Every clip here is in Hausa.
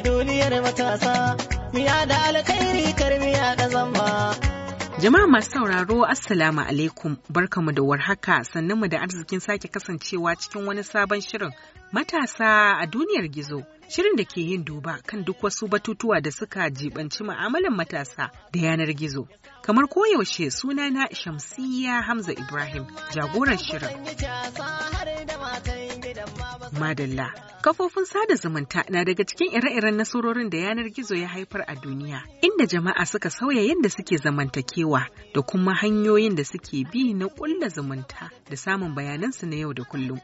duniyar matasa miya da alkhairi karmiya da zamba Jama'a masu sauraro Assalamu alaikum barkamu da warhaka sannunmu da arzikin sake kasancewa cikin wani sabon shirin matasa a duniyar gizo shirin da ke yin duba kan duk wasu batutuwa da suka jibanci ma'amalan matasa da yanar gizo kamar koyaushe sunana Shamsiyya Hamza Ibrahim jagoran shirin. madalla. Kafofin sada zumunta na daga cikin ire-iren nasarorin da yanar gizo ya haifar a duniya, inda jama'a suka sauya yadda suke zamantakewa da kuma hanyoyin da suke bi na ƙulla zumunta da samun bayanansu na yau da kullum.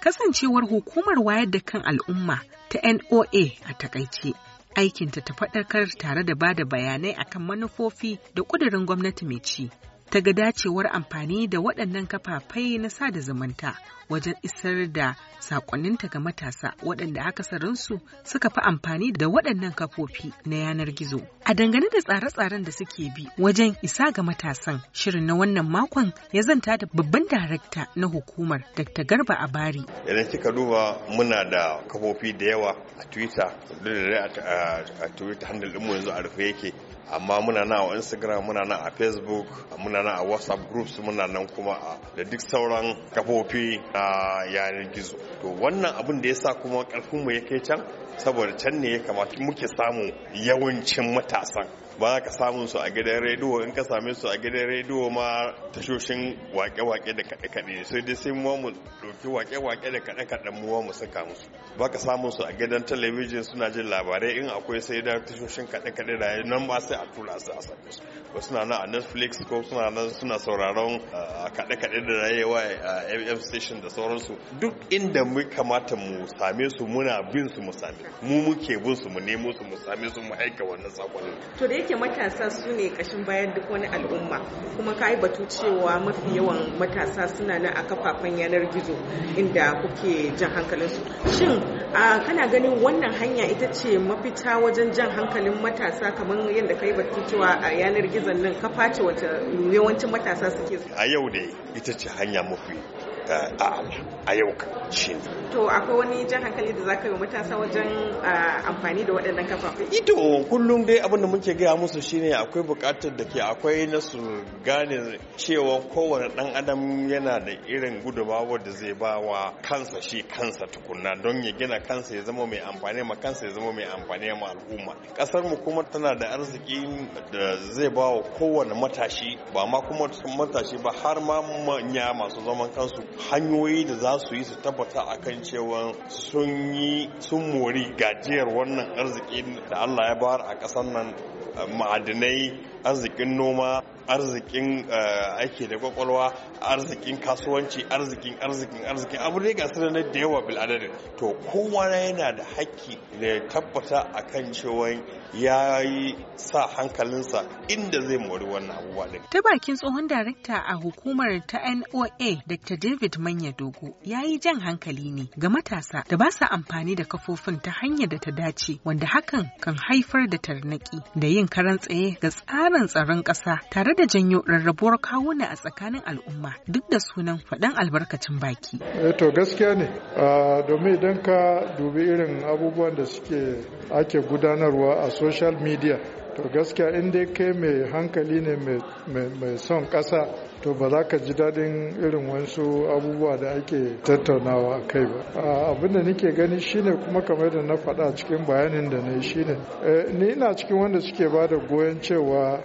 Kasancewar hukumar wayar da kan al'umma ta NOA a takaice. Aikinta ta faɗakar tare da ba da bayanai akan manufofi da ƙudurin gwamnati mai ci ta ga dacewar amfani da waɗannan kafafai na sada zumunta wajen isar da saƙonninta ga matasa waɗanda akasarinsu suka fi amfani da waɗannan kafofi na yanar gizo. A dangane da tsare-tsaren da suke bi wajen isa ga matasan shirin na wannan makon ya zanta da babban darakta na hukumar Dr. Garba Abari. Idan kika duba muna da kafofi da yawa a Twitter, a Twitter handle ɗinmu yanzu a rufe yake amma muna nan a instagram muna nan a facebook muna na a whatsapp groups muna nan kuma a da duk sauran kafofi na yanar gizo to wannan abin da ya sa kuma karfinmu ya kai can saboda can ne ya kamata muke samu yawancin matasan ba ka samun su a gidan rediyo in ka same su a gidan rediyo ma tashoshin wake-wake da kaɗe-kaɗe sai dai sai mu mu ɗauki wake-wake da kaɗe-kaɗe mu mu saka musu ba ka samun su a gidan talabijin suna jin labarai in akwai sai da tashoshin kaɗe-kaɗe da nan ba sai a tura su a same su ko suna nan a netflix ko suna nan suna sauraron kaɗe-kaɗe da rayewa a fm station da sauransu duk inda mu kamata mu same su muna bin su mu same mu muke bin su mu nemo su mu same su mu aika wannan sakonin yake matasa su ne kashin bayan duk wani al'umma kuma ka yi batu cewa mafi yawan matasa suna nan a kafafen yanar gizo inda kuke jan hankalinsu shin kana ganin wannan hanya ita ce mafita wajen jan hankalin matasa kamar yadda ka yi batu cewa a yanar gizon nan kafa ce wata yawancin matasa suke a yau da ita ce hanya mafi a yau ka shi to akwai wani jan hankali da zaka yi matasa wajen amfani da waɗannan kafafen ito kullum dai abin da muke gaya musu shine akwai buƙatar da ke akwai na su gane cewa kowane ɗan adam yana da irin gudumawar da zai ba wa kansa shi kansa tukunna don ya gina kansa ya zama mai amfani ma kansa ya zama mai amfani ma al'umma Kasar mu kuma tana da arziki da zai ba wa kowane matashi ba ma kuma matashi ba har ma manya masu zaman kansu hanyoyi da za su yi su tabbata a kan cewa sun yi sun mori gajiyar wannan arziki da Allah ya bayar a ƙasar nan eh, ma'adinai arzikin noma arzikin eh, aiki da kwakwalwa arzikin kasuwanci arzikin arzikin arzikin abu ne ga na da yawa biladadin to kowa yana da haƙƙi da ya tabbata akan cewa ya yi sa hankalinsa inda zai mori wannan abubuwa da ta bakin tsohon darekta a hukumar ta NOA Dr. David Manya Dogo ya yi jan hankali ne ga matasa da ba sa amfani da kafofin ta hanyar da ta dace wanda hakan kan haifar da tarnaki da yin karan tsaye ga tsarin sakataren tsaron ƙasa tare da janyo rarrabuwar kawuna a tsakanin al'umma duk da sunan faɗan albarkacin baki. Eh, to gaskiya ne ah, domin idan ka dubi irin abubuwan da suke ake gudanarwa a social media to gaskiya in dai kai mai hankali ne mai son ƙasa to ba za ka ji daɗin irin wasu abubuwa da ake tattaunawa a kai ba abin da nake gani shine kuma kamar da na faɗa cikin bayanin da na yi shine eh, ni ina cikin wanda suke ba da goyon cewa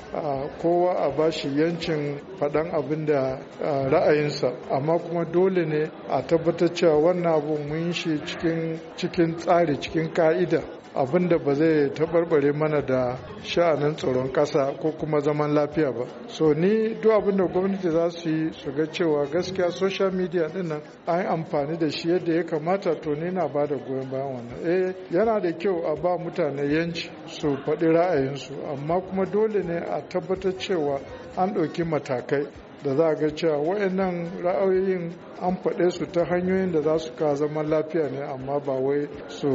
kowa a ba shi yancin faɗan abin da ra'ayinsa amma kuma dole ne a tabbatar cewa wannan abu mun shi cikin tsari cikin ka'ida abin da ba zai tabarbare mana da sha'anin tsaron ƙasa ko kuma zaman lafiya ba so ni duk abin da gwamnati za su yi su ga cewa gaskiya social media dinnan an amfani da shi yadda ya kamata to ni na ba da goyon bayan wannan eh yana da kyau a ba mutane yanci su faɗi ra'ayinsu amma kuma dole ne a tabbatar cewa an ɗauki matakai da za a ga cewa waɗannan ra'ayoyin an faɗe su ta hanyoyin da za su ka zaman lafiya ne amma ba wai su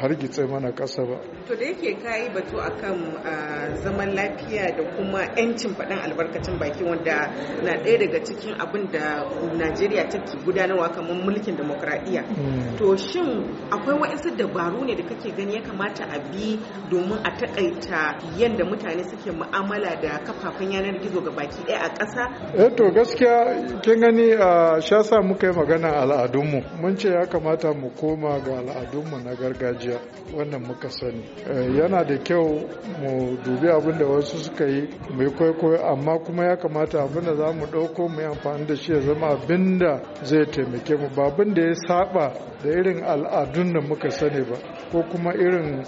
hargitse mana ƙasa ba. To da yake ka yi batu kan zaman lafiya da kuma 'yancin faɗin albarkacin baki wanda na ɗaya daga cikin abin da Najeriya take gudanarwa kamar mulkin demokuraɗiyya. Mm. To shin akwai wa'insu dabaru ne da kake gani ya kamata a bi domin a taƙaita yadda mutane suke mu'amala da kafafen yanar gizo ga baki ɗaya a ƙasa? Eh, Eh, to gaskiya kin gani a shasa muka yi magana al'adunmu mun ce ya kamata mu koma ga al'adunmu na gargajiya wannan muka sani eh, yana da kyau mu dubi abin da wasu suka yi mai kwaikwayo amma kuma ya kamata abin da za mu ɗauko mu yi amfani da shi ya zama abin da zai taimake mu ba abin da ya saba da irin al'adun da muka sani ba ko kuma irin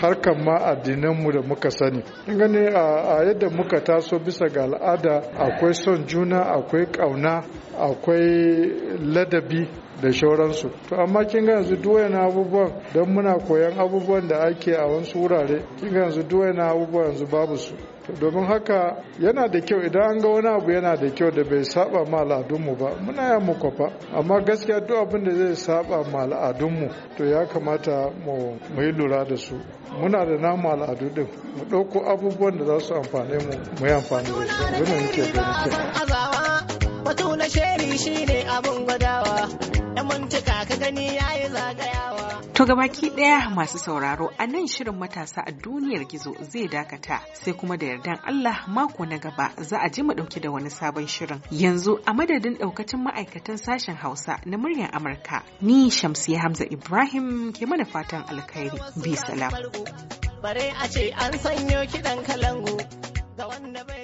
harkar ma addinanmu da muka sani. gani a yadda muka taso bisa ga al'ada akwai akwai son juna akwai ƙauna akwai ladabi da shauransu to amma kin ga yanzu duwaye na abubuwan don muna koyan abubuwan da ake a wasu wurare kin ga yanzu duwaye na abubuwan yanzu babu su domin haka yana da kyau idan an ga wani abu yana da kyau da bai saba ma al'adunmu ba muna yin mu kwafa amma gaskiya duk abin da zai saba ma al'adunmu to ya kamata mu yi lura da su muna da namu al'adu din mu ɗauko abubuwan da za su amfane mu mu yi amfani da su yake da sheri shine abun gwadawa To baki ɗaya masu sauraro a nan shirin matasa a duniyar gizo zai dakata sai kuma da yardan Allah mako na gaba za a ji mu ɗauki da wani sabon shirin. Yanzu a madadin ɗaukacin ma'aikatan sashen Hausa na muryar Amurka ni shamsi Hamza Ibrahim ke mana fatan alkhairi. Bi salam. Bare a ce an sanyo kiɗan kalangu ga wanda bai